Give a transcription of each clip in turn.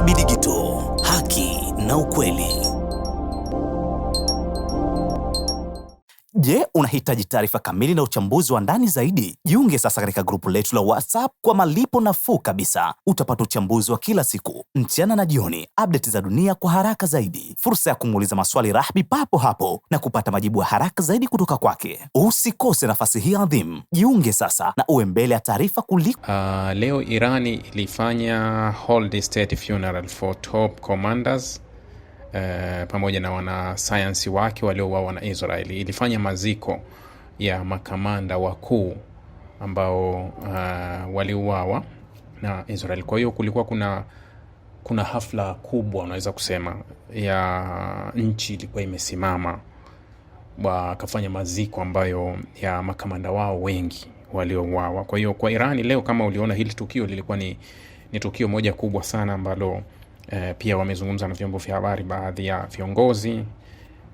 Kibidigito, haki na ukweli. Je, unahitaji taarifa kamili na uchambuzi wa ndani zaidi? Jiunge sasa katika grupu letu la WhatsApp kwa malipo nafuu kabisa. Utapata uchambuzi wa kila siku, mchana na jioni, update za dunia kwa haraka zaidi, fursa ya kumuuliza maswali Rahbi papo hapo na kupata majibu ya haraka zaidi kutoka kwake. Usikose nafasi hii adhimu. Jiunge sasa na uwe mbele ya taarifa kuliko. Uh, leo Irani ilifanya Hold State Funeral for Top Commanders Eh, pamoja na wanasayansi wake waliouawa na Israeli. Ilifanya maziko ya makamanda wakuu ambao uh, waliuawa na israel Kwa hiyo kulikuwa kuna kuna hafla kubwa unaweza kusema ya nchi ilikuwa imesimama, wakafanya maziko ambayo ya makamanda wao wengi waliouawa. Kwa hiyo kwa Irani leo, kama uliona hili tukio lilikuwa ni, ni tukio moja kubwa sana ambalo e, pia wamezungumza na vyombo vya habari baadhi ya viongozi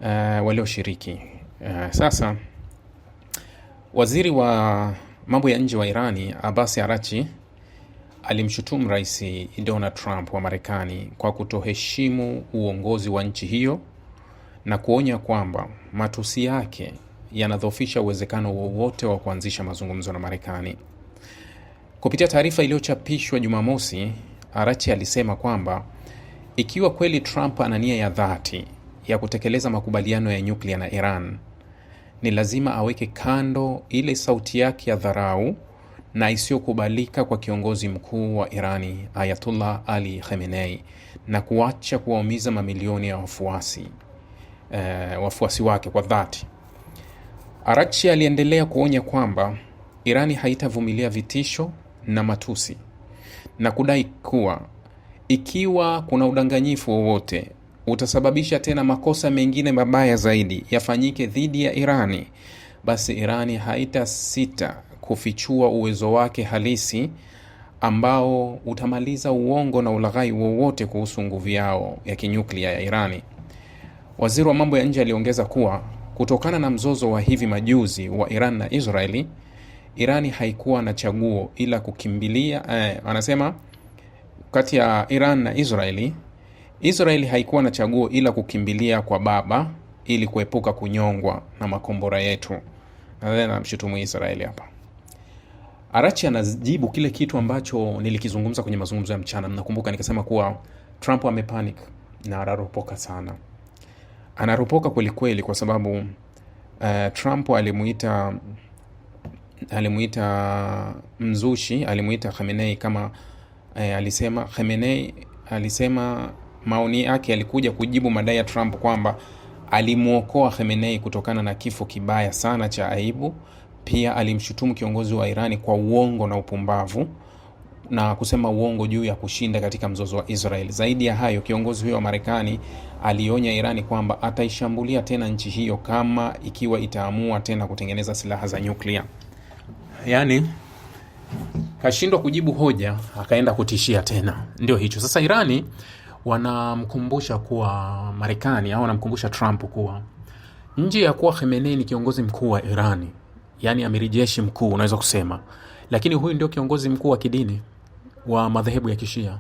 e, walioshiriki. E, sasa waziri wa mambo ya nje wa Irani Abbas Arachi alimshutumu Rais Donald Trump wa Marekani kwa kutoheshimu uongozi wa nchi hiyo na kuonya kwamba matusi yake yanadhoofisha uwezekano wowote wa kuanzisha mazungumzo na Marekani. Kupitia taarifa iliyochapishwa Jumamosi, Arachi alisema kwamba ikiwa kweli Trump ana nia ya dhati ya kutekeleza makubaliano ya nyuklia na Iran, ni lazima aweke kando ile sauti yake ya dharau na isiyokubalika kwa kiongozi mkuu wa Irani Ayatullah Ali Khamenei na kuacha kuwaumiza mamilioni ya wafuasi e, wafuasi wake kwa dhati. Araghchi aliendelea kuonya kwamba Irani haitavumilia vitisho na matusi na kudai kuwa ikiwa kuna udanganyifu wowote utasababisha tena makosa mengine mabaya zaidi yafanyike dhidi ya Irani, basi Irani haitasita kufichua uwezo wake halisi ambao utamaliza uongo na ulaghai wowote kuhusu nguvu yao ya kinyuklia ya Irani. Waziri wa mambo ya nje aliongeza kuwa kutokana na mzozo wa hivi majuzi wa Iran na Israeli, Irani haikuwa na chaguo ila kukimbilia eh, anasema kati ya Iran na Israeli, Israeli haikuwa na chaguo ila kukimbilia kwa baba ili kuepuka kunyongwa na makombora yetu. namshutumu Israeli hapa. Arachi anajibu kile kitu ambacho nilikizungumza kwenye mazungumzo ya mchana. Mnakumbuka nikasema kuwa Trump amepanic na anaropoka sana, anaropoka kwelikweli, kwa sababu uh, Trump alimuita alimuita mzushi, alimuita Khamenei kama e, alisema Khamenei alisema maoni yake yalikuja kujibu madai ya Trump kwamba alimwokoa Khamenei kutokana na kifo kibaya sana cha aibu. Pia alimshutumu kiongozi wa Irani kwa uongo na upumbavu na kusema uongo juu ya kushinda katika mzozo wa Israel. Zaidi ya hayo, kiongozi huyo wa Marekani alionya Irani kwamba ataishambulia tena nchi hiyo kama ikiwa itaamua tena kutengeneza silaha za nyuklia. Yaani kashindwa kujibu hoja, akaenda kutishia tena. Ndio hicho sasa. Irani wanamkumbusha kuwa Marekani au wanamkumbusha Trump kuwa nje ya kuwa Khamenei ni kiongozi mkuu wa Irani, yani amiri jeshi mkuu unaweza kusema, lakini huyu ndio kiongozi mkuu wa kidini wa madhehebu ya Kishia.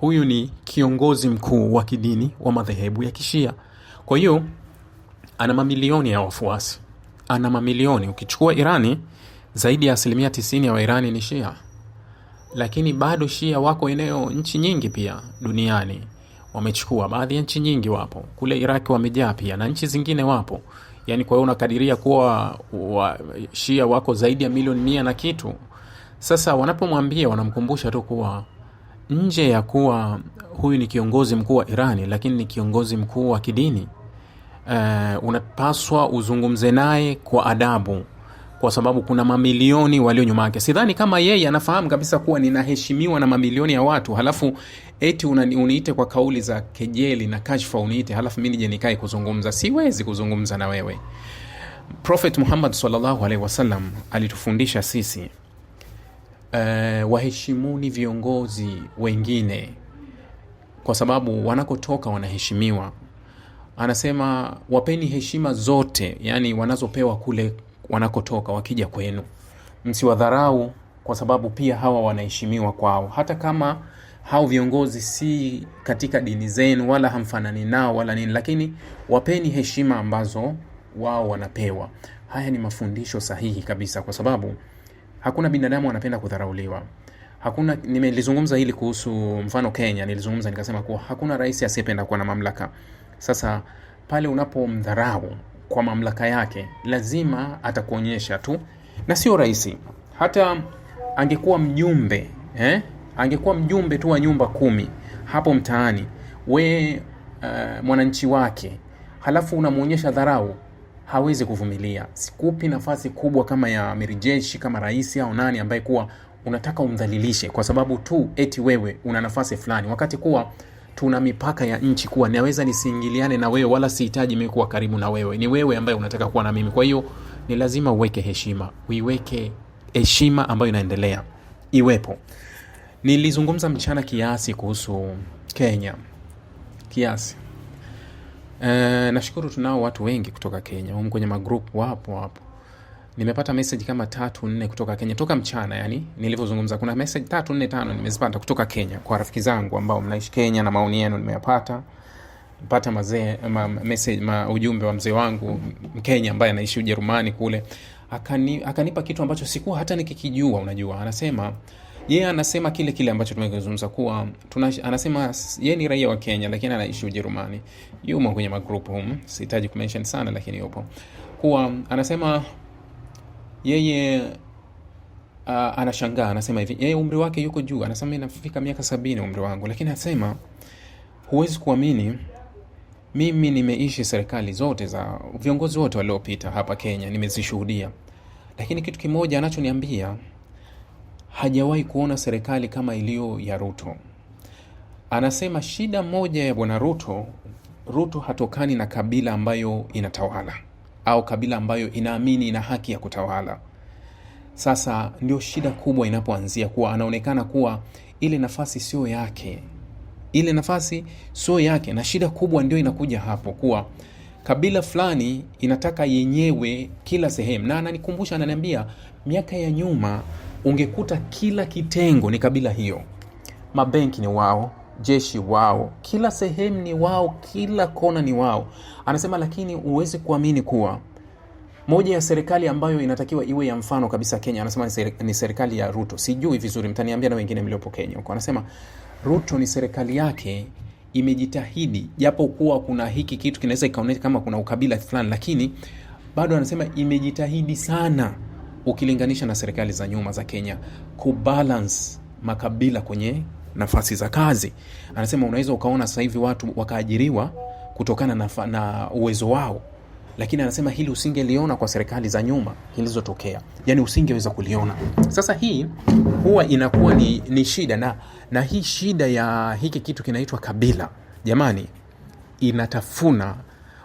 Huyu ni kiongozi mkuu wa kidini wa madhehebu ya Kishia. Kwa hiyo ana mamilioni ya wafuasi, ana mamilioni. Ukichukua Irani zaidi ya asilimia 90 ya Wairani ni Shia, lakini bado Shia wako eneo nchi nyingi pia duniani wamechukua baadhi ya nchi nyingi, wapo kule Iraq wamejaa pia na nchi zingine wapo. Yani kwa hiyo unakadiria kuwa wa, Shia wako zaidi ya milioni mia na kitu. Sasa wanapomwambia wanamkumbusha tu kuwa nje ya kuwa huyu ni kiongozi mkuu wa Irani, lakini ni kiongozi mkuu wa kidini. Uh, unapaswa uzungumze naye kwa adabu kwa sababu kuna mamilioni walio nyuma yake. Sidhani kama yeye anafahamu kabisa kuwa ninaheshimiwa na mamilioni ya watu, halafu eti uniite kwa kauli za kejeli na kashfa, uniite halafu mi nije nikae kuzungumza. Siwezi kuzungumza na wewe. profet Muhammad sallallahu alaihi wasallam alitufundisha sisi uh, waheshimuni viongozi wengine kwa sababu wanakotoka wanaheshimiwa. Anasema wapeni heshima zote, yani wanazopewa kule wanakotoka wakija kwenu. Msiwadharau kwa sababu pia hawa wanaheshimiwa kwao, hata kama hao viongozi si katika dini zenu wala hamfanani nao wala nini, lakini wapeni heshima ambazo wao wanapewa. Haya ni mafundisho sahihi kabisa, kwa sababu hakuna binadamu anapenda kudharauliwa. Hakuna, nimelizungumza hili kuhusu mfano Kenya, nilizungumza nikasema kuwa hakuna rais asiyependa kuwa na mamlaka. Sasa pale unapomdharau kwa mamlaka yake lazima atakuonyesha tu, na sio rahisi. Hata angekuwa mjumbe eh? angekuwa mjumbe tu wa nyumba kumi hapo mtaani, we uh, mwananchi wake, halafu unamwonyesha dharau, hawezi kuvumilia. Sikupi nafasi kubwa kama ya amiri jeshi, kama rais au nani ambaye kuwa unataka umdhalilishe kwa sababu tu eti wewe una nafasi fulani, wakati kuwa tuna mipaka ya nchi kuwa naweza nisiingiliane na wewe wala sihitaji mimi kuwa karibu na wewe. Ni wewe ambaye unataka kuwa na mimi. Kwa hiyo ni lazima uweke heshima, uiweke heshima ambayo inaendelea iwepo. Nilizungumza mchana kiasi kuhusu Kenya kiasi. E, nashukuru tunao watu wengi kutoka Kenya, humu kwenye magrupu wapo wapo nimepata message kama tatu nne kutoka Kenya toka mchana, yani nilivyozungumza, kuna message tatu nne tano nimezipata kutoka Kenya kwa rafiki zangu ambao mnaishi Kenya, na maoni yenu nimeyapata pata mazee ma, message ma, ujumbe wa mzee wangu Mkenya ambaye anaishi Ujerumani kule akani, akanipa kitu ambacho sikuwa hata nikikijua. Unajua, anasema yeye yeah, anasema kile kile ambacho tumekizungumza kuwa tuna, anasema yeye ni raia wa Kenya lakini anaishi Ujerumani, yumo kwenye magrupu sihitaji kumention sana, lakini yupo kuwa anasema yeye uh, anashangaa anasema hivi, yeye umri wake yuko juu, anasema inafika miaka sabini umri wangu, lakini anasema huwezi kuamini, mimi nimeishi serikali zote za viongozi wote waliopita hapa Kenya, nimezishuhudia, lakini kitu kimoja anachoniambia hajawahi kuona serikali kama iliyo ya Ruto. Anasema shida moja ya bwana Ruto, Ruto hatokani na kabila ambayo inatawala au kabila ambayo inaamini ina haki ya kutawala. Sasa ndio shida kubwa inapoanzia kuwa anaonekana kuwa ile nafasi sio yake, ile nafasi sio yake, na shida kubwa ndio inakuja hapo kuwa kabila fulani inataka yenyewe kila sehemu, na ananikumbusha, ananiambia miaka ya nyuma ungekuta kila kitengo ni kabila hiyo, mabenki ni wao jeshi wao, kila sehemu ni wao, kila kona ni wao. Anasema lakini huwezi kuamini kuwa moja ya serikali ambayo inatakiwa iwe ya mfano kabisa Kenya, anasema ni serikali ya Ruto. Sijui vizuri, mtaniambia na wengine mliopo Kenya huko. Anasema Ruto ni serikali yake imejitahidi, japo kuwa kuna hiki kitu kinaweza ikaonekana kama kuna ukabila fulani, lakini bado anasema imejitahidi sana ukilinganisha na serikali za nyuma za Kenya kubalance makabila kwenye nafasi za kazi. Anasema unaweza ukaona sasa hivi watu wakaajiriwa kutokana na, na uwezo wao, lakini anasema hili usingeliona kwa serikali za nyuma ilizotokea yani usingeweza kuliona. Sasa hii huwa inakuwa ni, ni shida na, na hii shida ya hiki kitu kinaitwa kabila, jamani, inatafuna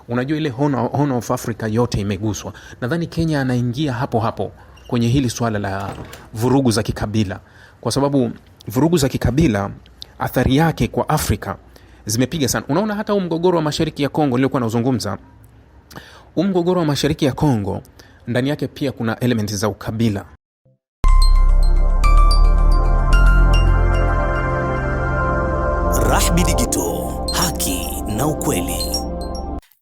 Unajua ile Horn, Horn of Africa yote imeguswa. Nadhani Kenya anaingia hapo hapo kwenye hili swala la vurugu za kikabila kwa sababu vurugu za kikabila athari yake kwa Afrika zimepiga sana. Unaona hata huu mgogoro wa mashariki ya Kongo niliokuwa nauzungumza, huu mgogoro wa mashariki ya Kongo ndani yake pia kuna elementi za ukabila. rahbi digito haki na ukweli.